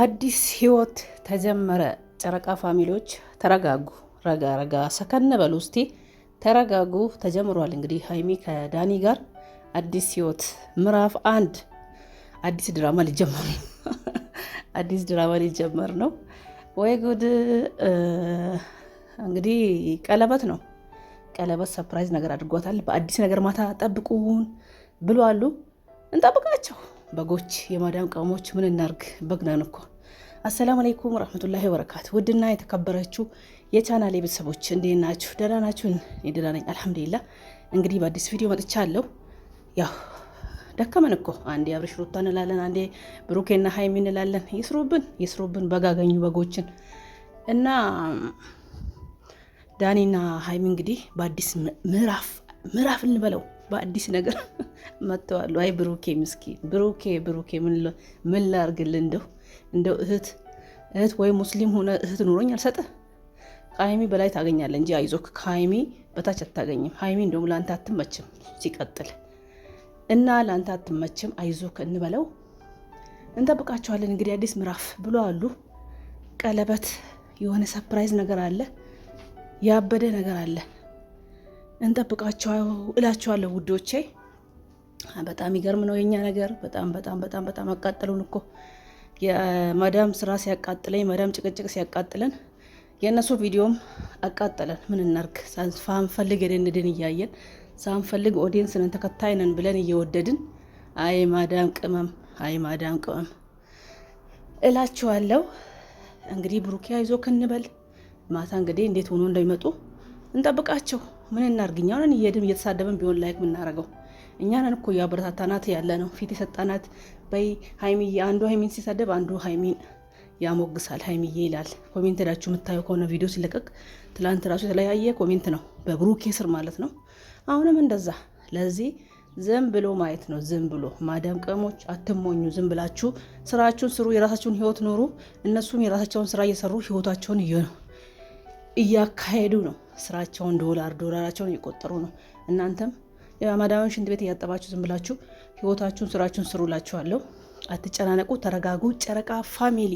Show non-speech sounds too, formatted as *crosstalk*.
አዲስ ህይወት ተጀመረ። ጨረቃ ፋሚሊዎች ተረጋጉ፣ ረጋ ረጋ ሰከን በሉ እስቲ ተረጋጉ። ተጀምሯል እንግዲህ ሀይሚ ከዳኒ ጋር አዲስ ህይወት ምዕራፍ አንድ አዲስ ድራማ ሊጀመር ነው። *laughs* አዲስ ድራማ ሊጀመር ነው። ወይ ጉድ! እንግዲህ ቀለበት ነው። ቀለበት ሰፕራይዝ ነገር አድርጓታል። በአዲስ ነገር ማታ ጠብቁን ብሏሉ። አሉ። እንጠብቃቸው በጎች የማዳም ቅመሞች ምን እናርግ በግናን እኮ። አሰላሙ አለይኩም ወራህመቱላሂ ወበረካቱ። ውድና የተከበረችው የቻናሌ ቤተሰቦች እንዴት ናችሁ? ደህና ናችሁን? ደህና ነኝ እንግዲህ በአዲስ ቪዲዮ መጥቻለሁ። ያው ደከመን እኮ አንዴ አብሬሽ ሩታ እንላለን፣ አንዴ ብሩኬና ሀይሚ እንላለን። ይስሩብን ይስሩብን፣ በጋገኙ በጎችን እና ዳኒና ሀይሚ እንግዲህ በአዲስ ምዕራፍ ምዕራፍ እንበለው በአዲስ ነገር *laughs* መጥተዋሉ። አይ ብሩኬ ምስኪ ብሩኬ ብሩኬ ምን ላርግልህ? እንደው እንደው እህት እህት ወይ ሙስሊም ሆነ እህት ኑሮኝ አልሰጠ ከሀይሚ በላይ ታገኛለ እንጂ አይዞክ፣ ከሀይሚ በታች አታገኝም። ሀይሚ እንደውም ለአንተ አትመችም ሲቀጥል እና ለአንተ አትመችም አይዞክ እንበለው። እንጠብቃቸዋለን እንግዲህ አዲስ ምዕራፍ ብሎ አሉ። ቀለበት የሆነ ሰፕራይዝ ነገር አለ፣ ያበደ ነገር አለ። እንጠብቃቸው እላቸዋለሁ ውዶቼ። በጣም ይገርም ነው የኛ ነገር። በጣም በጣም በጣም በጣም አቃጠሉን እኮ የመዳም ስራ ሲያቃጥለኝ፣ መዳም ጭቅጭቅ ሲያቃጥለን፣ የእነሱ ቪዲዮም አቃጠለን። ምን እናርግ? ሳንፈልግ የደንድን እያየን ሳንፈልግ ኦዲየንስ ተከታይነን ብለን እየወደድን አይ ማዳም ቅመም፣ አይ ማዳም ቅመም እላችኋለሁ። እንግዲህ ብሩኪያ ይዞ ክንበል ማታ እንግዲህ እንዴት ሆኖ እንደሚመጡ እንጠብቃቸው። ምን እናርግኛ ነን እየድም እየተሳደበን ቢሆን ላይክ እኛ ነን እኮ ያበረታታናት ያለ ነው ፊት የሰጣናት። በይ ሀይሚ አንዱ ሀይሚን ሲሳደብ አንዱ ሀይሚን ያሞግሳል ሀይሚዬ ይላል። ኮሜንት ሄዳችሁ የምታዩ ከሆነ ቪዲዮ ሲለቀቅ ትላንት ራሱ የተለያየ ኮሜንት ነው በብሩኬ ስር ማለት ነው። አሁንም እንደዛ ለዚህ ዝም ብሎ ማየት ነው። ዝም ብሎ ማደም ቀሞች አትሞኙ። ዝም ብላችሁ ስራችሁን ስሩ፣ የራሳችሁን ህይወት ኑሩ። እነሱም የራሳቸውን ስራ እየሰሩ ህይወታቸውን እያካሄዱ ነው ስራቸውን። ዶላር ዶላራቸውን እየቆጠሩ ነው። እናንተም የማዳውን ሽንት ቤት እያጠባችሁ ዝም ብላችሁ ህይወታችሁን ስራችሁን ስሩላችኋለሁ። አትጨናነቁ፣ ተረጋጉ። ጨረቃ ፋሚሊ